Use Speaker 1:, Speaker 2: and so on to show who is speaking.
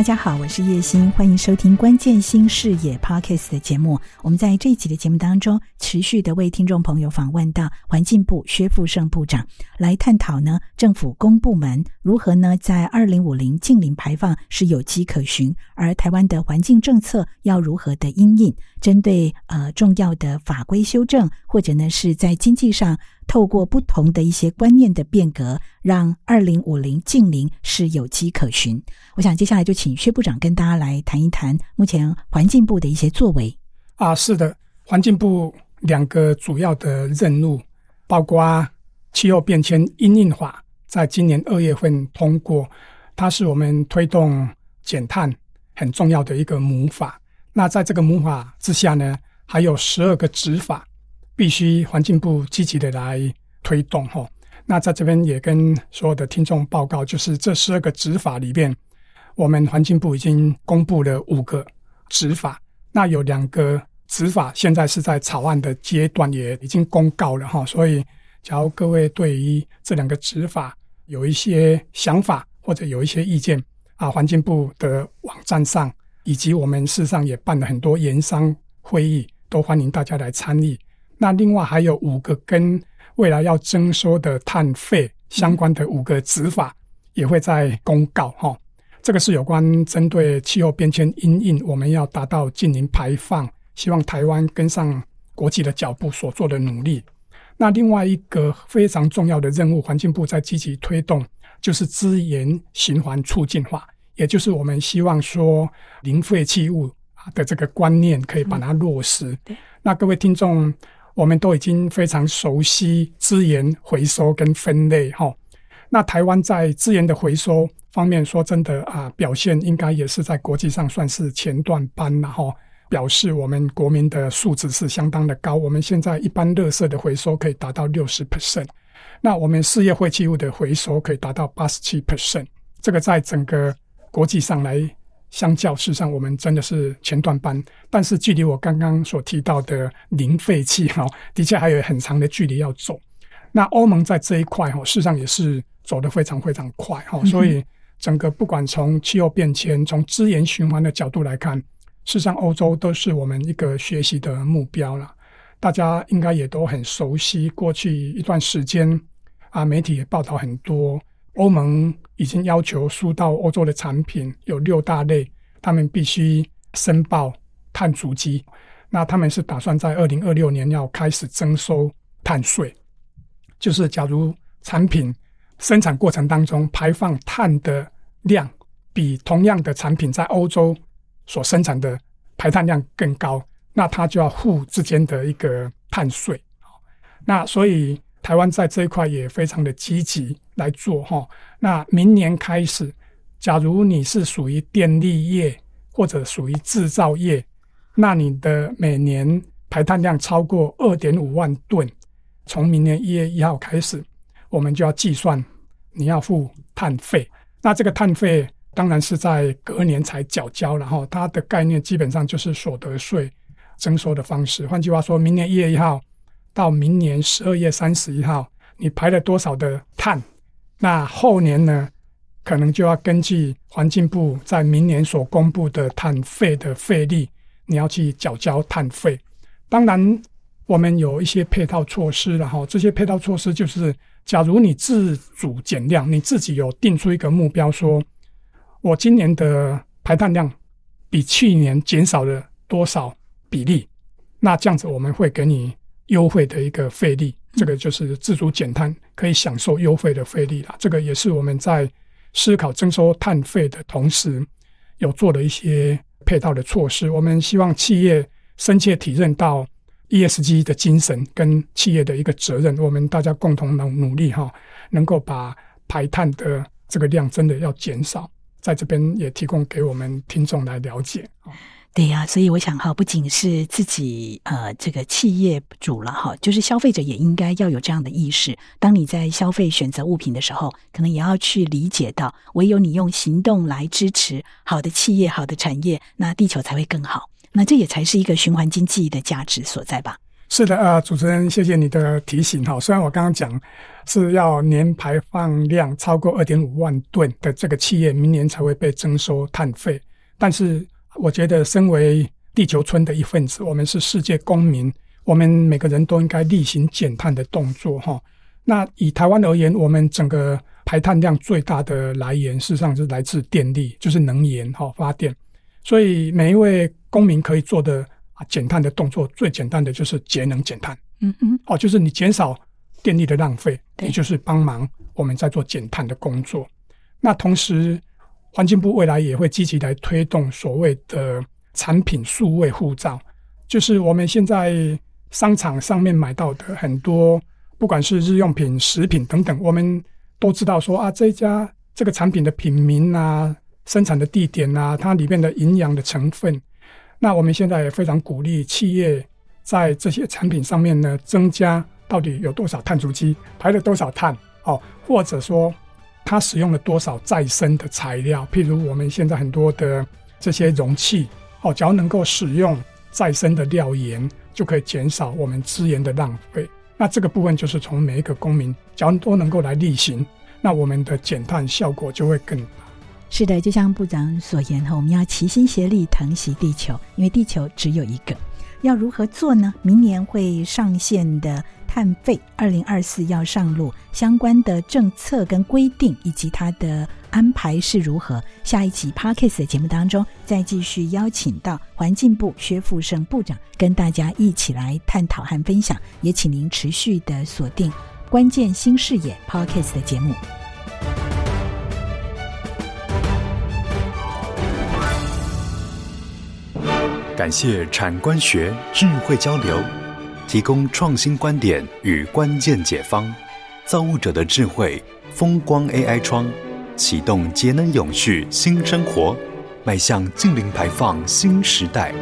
Speaker 1: 大家好，我是葉欣，歡迎收聽《關鍵新視野》Podcast 的節目。我們在這一集的節目當中，持續的為聽眾朋友訪問到環境部薛富盛部長，來探討呢，政府公部門如何呢在二零五零淨零排放是有跡可循，而台灣的環境政策要如何的因應。針對呃、重要的法規修正，或者呢是在經濟上透過不同的一些觀念的變革，讓二零五零淨零是有跡可循。我想接下來就請薛部長跟大家來談一談目前環境部的一些作為。
Speaker 2: 啊，是的，環境部兩個主要的任務，包括啊氣候變遷因應法，在今年二月份通過，它是我們推動減碳很重要的一個母法。那在這個母法之下呢，還有十二個子法，必須環境部積極的來推動哈、哦。那在這邊也跟所有的聽眾報告，就是這十二個子法裡邊，我們環境部已經公布了五個子法，那有兩個子法現在是在草案的階段，也已經公告了哈、哦。所以，假如各位對於這兩個子法有一些想法或者有一些意見啊，環境部的網站上。以及我們事實上也辦了很多研商會議，都歡迎大家來參與。那另外還有五個跟未來要徵收的碳費相關的五個執法，也會在公告哈。這個是有關針對氣候變遷因應，我們要達到淨零排放，希望台灣跟上國際的腳步所做的努力。那另外一個非常重要的任務，環境部在積極推動，就是資源循環促進法。也就是我們希望說零廢棄物啊的這個觀念可以把它落實。嗯、對，那各位聽眾，我們都已經非常熟悉資源回收跟分類哈。那台灣在資源的回收方面，說真的啊、呃，表現應該也是在國際上算是前段班，然後、呃、表示我們國民的素質是相當的高。我們現在一般垃圾的回收可以達到六十 percent，那我們事業廢棄物的回收可以達到八十七 percent，這個在整個，國際上來相較，事實上我們真的是前段班，但是距離我剛剛所提到的零廢棄哈、哦，的確還有很長的距離要走。那歐盟在這一塊哈、哦，事實上也是走得非常非常快哈、哦，嗯、哼所以整個不管從氣候變遷、從資源循環的角度來看，事實上歐洲都是我們一個學習的目標了。大家應該也都很熟悉，過去一段時間啊，媒體也報道很多。歐盟已經要求輸到歐洲的產品有六大類，他們必須申報碳足跡。那他們是打算在二零二六年要開始徵收碳稅，就是假如產品生產過程當中排放碳的量比同樣的產品在歐洲所生產的排碳量更高，那它就要付之間的一個碳稅。那所以。台灣在這一塊也非常的積極來做哈。那明年開始，假如你是屬於電力業或者屬於製造業，那你的每年排碳量超過二點五萬噸，從明年一月一號開始，我們就要計算你要付碳費。那這個碳費當然是在隔年才繳交，然後它的概念基本上就是所得稅徵收的方式。換句話說，明年一月一號。到明年十二月三十一號，你排了多少的碳。那後年呢？可能就要根據環境部在明年所公布的碳費的費率，你要去繳交碳費。當然，我們有一些配套措施，然後，這些配套措施就是，假如你自主減量，你自己有定出一個目標說，說我今年的排碳量比去年減少了多少比例，那這樣子我們會給你。優惠的一個費率，這個就是自主減碳，可以享受優惠的費率啦。這個也是我們在思考徵收碳費的同時，有做的一些配套的措施。我們希望企業深切體認到 ESG 的精神跟企業的一個責任，我們大家共同努努力哈，能夠把排碳的這個量真的要減少。在這邊
Speaker 1: 也提供給我們聽眾來了解啊。對呀，啊，所以我想哈，不僅是自己呃這個企業主了哈，就是消費者也應該要有這樣的意識。當你在消費選擇物品的時候，可能也要去理解到，唯有你用行動來支持好的企業、好的產業，那地球才會更好。那這也才是一個循環經濟的價值所在吧？
Speaker 2: 是的，呃，主持人，謝謝你的提醒哈。雖然我剛剛講是要年排放量超過二點五萬噸的這個企業，明年才會被徵收碳費，但是。我覺得，身為地球村的一份子，我們是世界公民，我們每個人都應該力行減碳的動作，哈。那以台灣而言，我們整個排碳量最大的來源，事實上是來自電力，就是能源，哈，發電。所以，每一位公民可以做的啊減碳的動作，最簡單的就是節能減碳。嗯嗯，哦，就是你減少電力的浪費，你就是幫忙我們在做減碳的工作。那同時。環境部未來也會積極來推動所謂的產品數位護照，就是我們現在商場上面買到的很多，不管是日用品、食品等等，我們都知道說啊，這一家這個產品的品名啊、生產的地點啊，它裡面的營養的成分。那我們現在也非常鼓勵企業在這些產品上面呢，增加到底有多少碳足跡，排了多少碳哦，或者說。它使用了多少再生的材料？譬如，我們現在很多的這些容器，哦，只要能夠使用再生的料源，就可以減少我們資源的浪費。那這個部分就是從每一個公民，只
Speaker 1: 要都能夠來力行，那我們的減碳效果就會更大。是的，就像部長所言哈，我們要齊心協力，疼惜地球，因為地球只有一個。要如何做呢？明年會上線的碳費，二零二四要上路，相關的政策跟規定以及它的安排是如何？下一期 podcast 的節目當中，再繼續邀請到環境部薛富盛部長跟大家一起來探討和分享。也請您持續的鎖定關鍵新視野 podcast 的節目。感謝產官學智慧交流，提供創新觀點與關鍵解方。造物者的智慧，風光 AI 窗，啟動節能永續新生活，邁向淨零排放新時代。